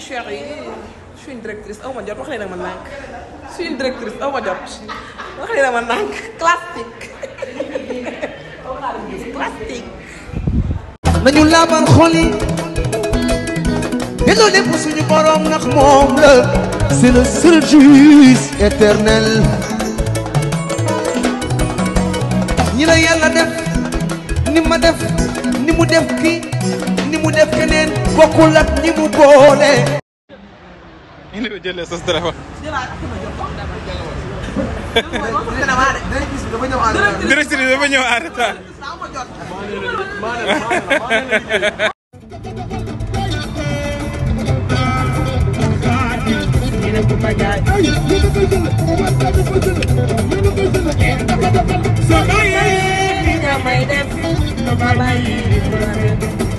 suñu chers yi suñu directrice aw ma jot wax leen ak ma nànk suñu directrice aw ma jot wax leen ak ma nànk classique classique nañu laabal xol yi delloo lépp suñu borom ndax moom la c'est le seul juge éternel ñi la yàlla def ni ma def mu def ki ni mu def keneen bokkul ak ñi mu boole. sa téléphone. bàyyi